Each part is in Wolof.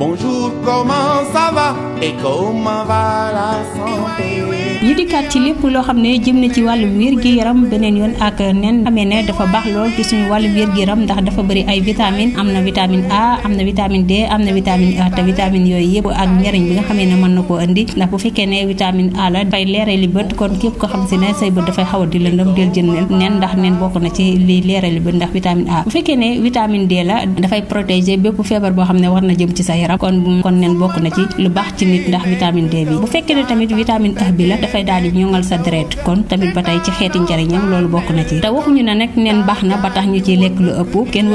Bonjour, comment ça va et comment va la ñu dikkaat ci lépp loo xam ne jëm na ci wàllu wér-gi-yaram beneen yoon ak nen xamee ne dafa baax lool ci suñu wàllu wér-gi-yaram ndax dafa bëri ay vitamine am na vitamine A am na vitamine D am na vitamine A te vitamine yooyu yëpp ak njariñ bi nga xamee ne mën na koo indi ndax bu fekkee ne vitamine A la dafay leerali bët kon képp ko xam si ne say bët dafay xaw a di lëndëm del jël nen ndax nen bokk na ci li leerali bët ndax vitamine A bu fekkee ne vitamine D la dafay protéger bépp feebar boo xam ne war na jëm ci sa yaram kon kon nen bokk na ci lu baax ci nit ndax vitamine D daal di ñoŋal sa deret kon tamit ba tey ci xeeti njariñam loolu bokk na ci te waxuñu ne nag nen baax na ba tax ñu ciy lekk lu ëpp kenn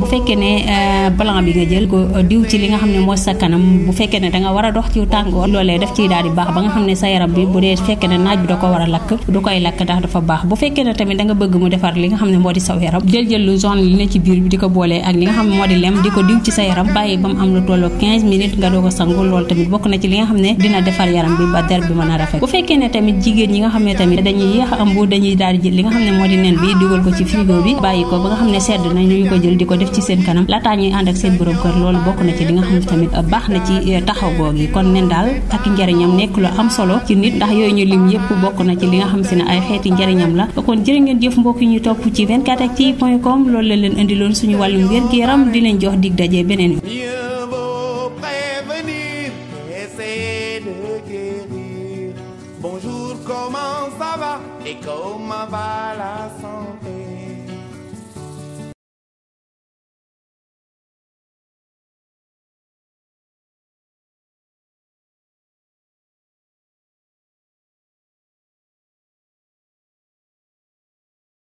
bu fekkee ne euh, blanc bi nga jël ko euh, diw ci li a dox ci tàngoor loolee daf ciy daal di baax ba nga xam ne sa yaram bi bu dee fekkee ne naaj bi da ko war a lakk du koy lakk ndax dafa baax bu fekkee ne tamit da nga bëgg mu defar li nga xam ne moo di saw yaram jël jël lu zone li ne ci biir bi di ko boolee ak li nga xam ne moo di lem di ko diw ci sa yaram bàyyi ba mu am lu tolloo 15 minutes nga doog a sangu loolu tamit bokk na ci li nga xam ne dina defar yaram bi ba der bi mën a rafet bu fekkee ne tamit jigéen ñi nga xam ne tamit dañuy yéex a ëmb dañuy daal di li nga xam ne moo ko ci frigo bi bàyyi ko ba nga xam ne sedd nañ ñu ko di ko def ci seen kanam laataa ñuy ànd ak seen borom kër loolu bokk ne tamit baax na ci eh, taxaw googi kon nen daal ak njariñam nekk lu am solo ci nit ndax yooyu ñu lim yëpp bokk na ci li nga xam si ne ay xeeti njariñam la kon jërë ngeen jëf mbokk yi ñu topp ci 24actu point com loolu la leen indiloon suñu wàllum wér-gi-yaram di leen jox dig daje essaie de guérir. Bonjour, comment ça va et comment va la santé